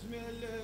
بسم الله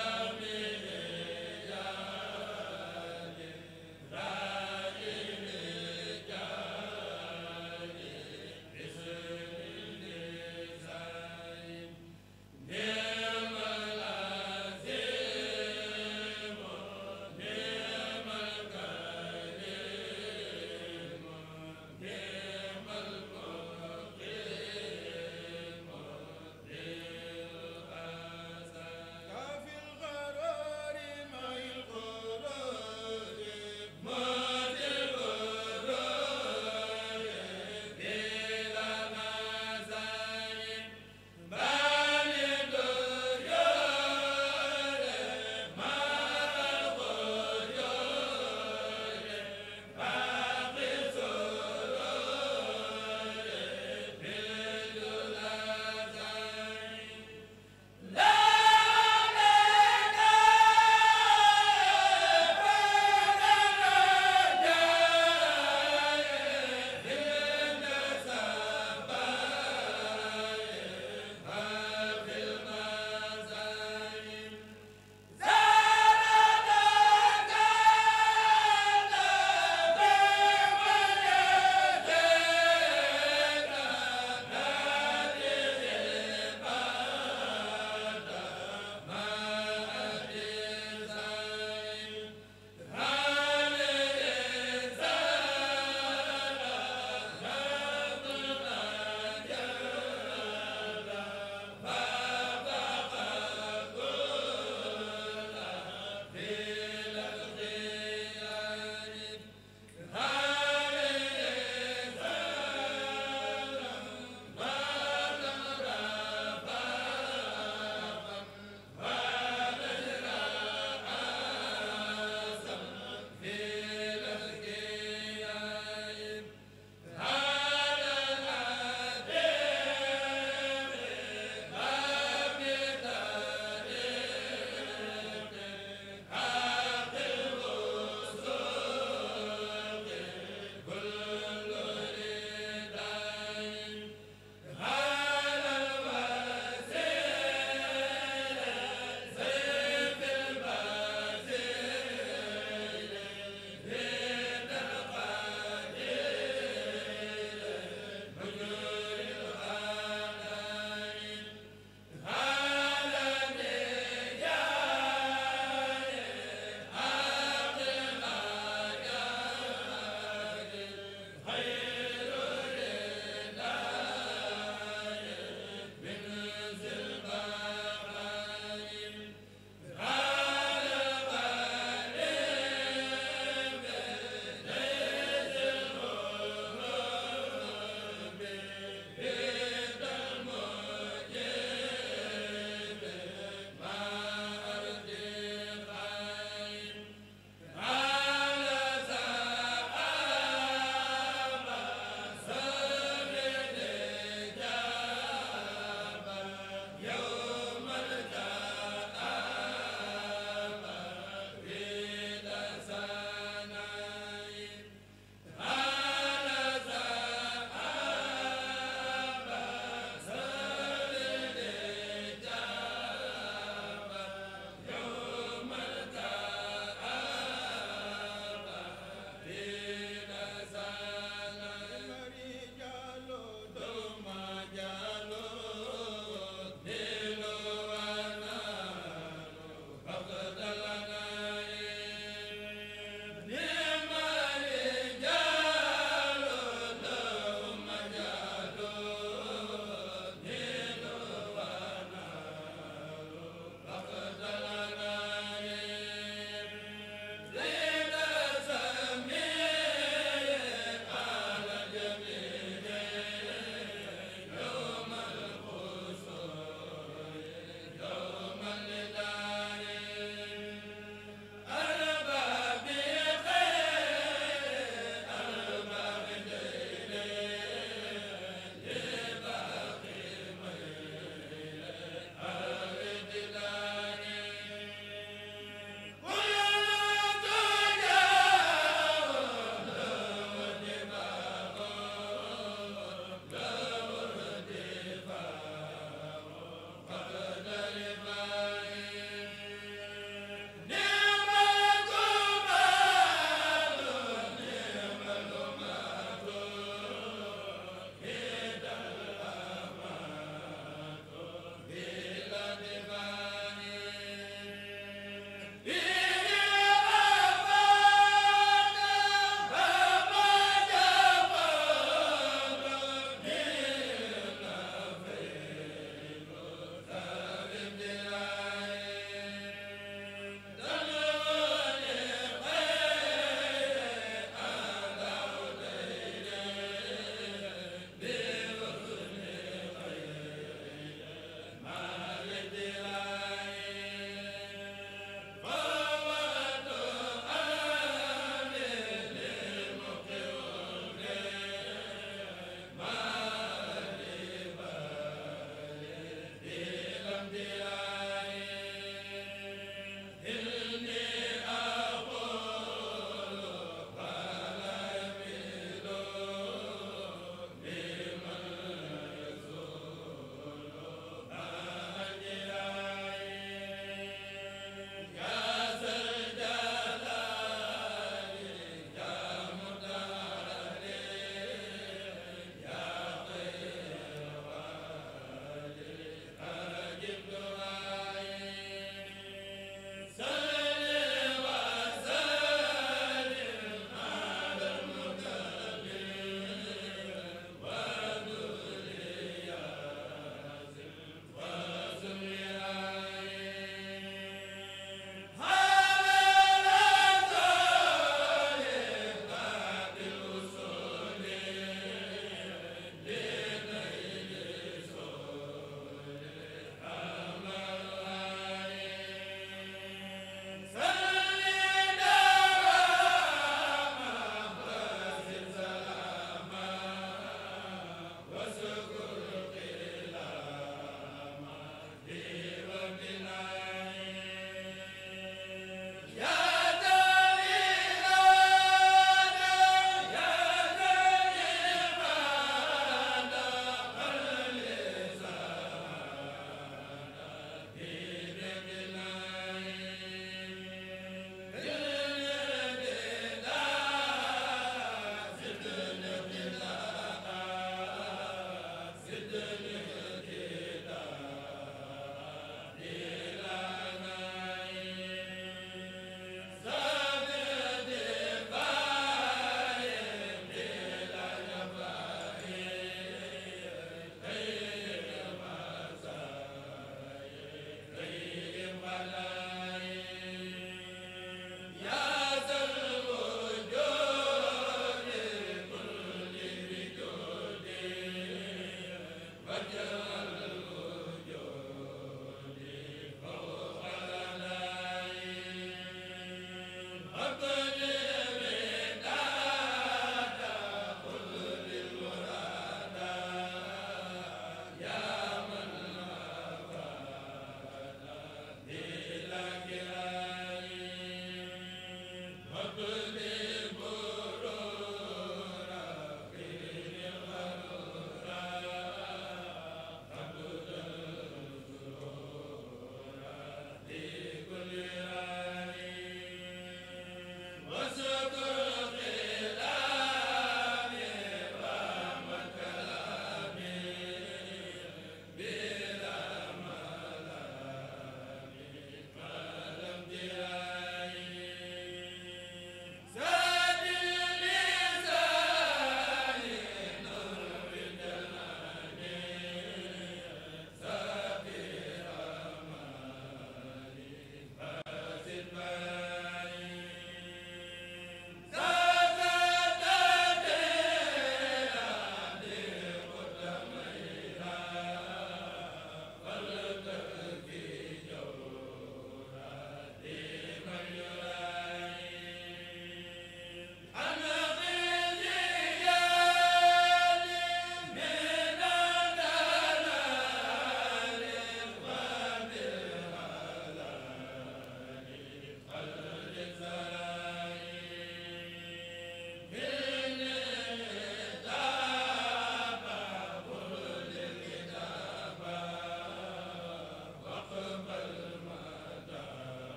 Amen